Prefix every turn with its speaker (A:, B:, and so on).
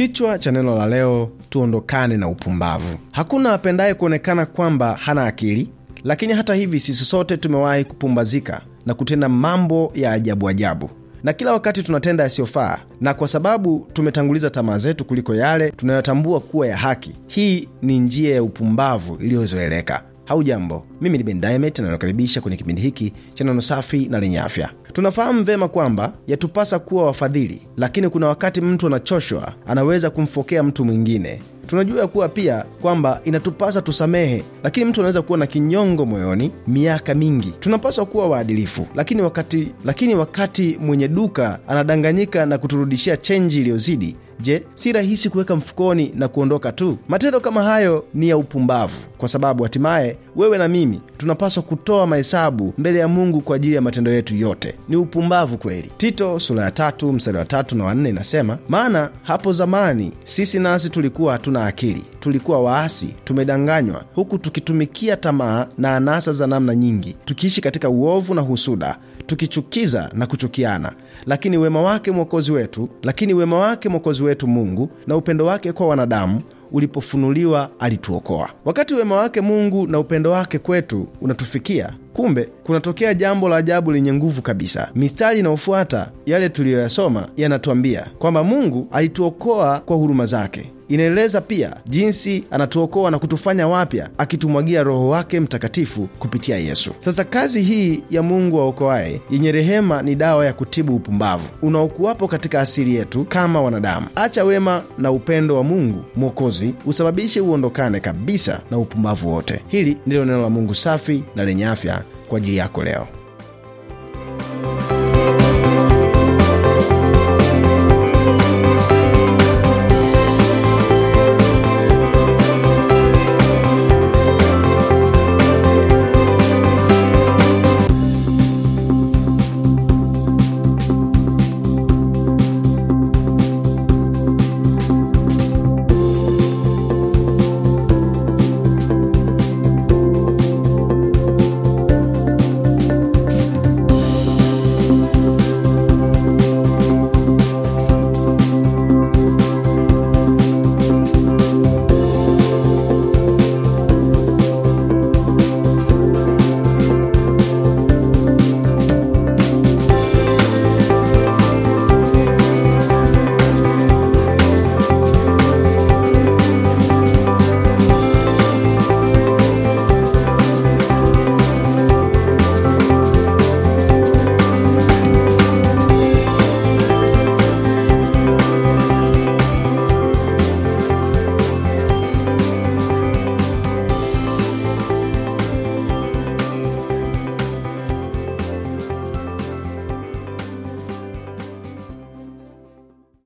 A: Kichwa cha neno la leo: tuondokane na upumbavu. Hakuna apendaye kuonekana kwamba hana akili, lakini hata hivi sisi sote tumewahi kupumbazika na kutenda mambo ya ajabu ajabu na kila wakati tunatenda yasiyofaa, na kwa sababu tumetanguliza tamaa zetu kuliko yale tunayotambua kuwa ya haki. Hii ni njia ya upumbavu iliyozoeleka. Hau jambo, mimi ni Ben Diamond na nakaribisha kwenye kipindi hiki cha neno safi na lenye afya. Tunafahamu vema kwamba yatupasa kuwa wafadhili, lakini kuna wakati mtu anachoshwa, anaweza kumfokea mtu mwingine Tunajua kuwa pia kwamba inatupasa tusamehe, lakini mtu anaweza kuwa na kinyongo moyoni miaka mingi. Tunapaswa kuwa waadilifu, lakini wakati, lakini wakati mwenye duka anadanganyika na kuturudishia chenji iliyozidi Je, si rahisi kuweka mfukoni na kuondoka tu? Matendo kama hayo ni ya upumbavu, kwa sababu hatimaye wewe na mimi tunapaswa kutoa mahesabu mbele ya Mungu kwa ajili ya matendo yetu yote. Ni upumbavu kweli. Tito sura ya tatu mstari wa tatu na wanne inasema, maana hapo zamani sisi nasi tulikuwa hatuna hatuna akili, tulikuwa waasi, tumedanganywa, huku tukitumikia tamaa na anasa za namna nyingi, tukiishi katika uovu na husuda, tukichukiza na kuchukiana. Lakini wema wake mwokozi wetu, lakini wema wake mwokozi wetu Mungu na upendo wake kwa wanadamu ulipofunuliwa alituokoa. Wakati wema wake Mungu na upendo wake kwetu unatufikia, kumbe kunatokea jambo la ajabu lenye nguvu kabisa. Mistari inayofuata yale tuliyoyasoma yanatwambia kwamba Mungu alituokoa kwa huruma zake. Inaeleza pia jinsi anatuokoa na kutufanya wapya akitumwagia Roho wake Mtakatifu kupitia Yesu. Sasa kazi hii ya Mungu waokoaye yenye rehema ni dawa ya kutibu upumbavu unaokuwapo katika asili yetu kama wanadamu. Acha wema na upendo wa Mungu Mwokozi usababishe uondokane kabisa na upumbavu wote. Hili ndilo neno la Mungu safi na lenye afya kwa ajili yako leo.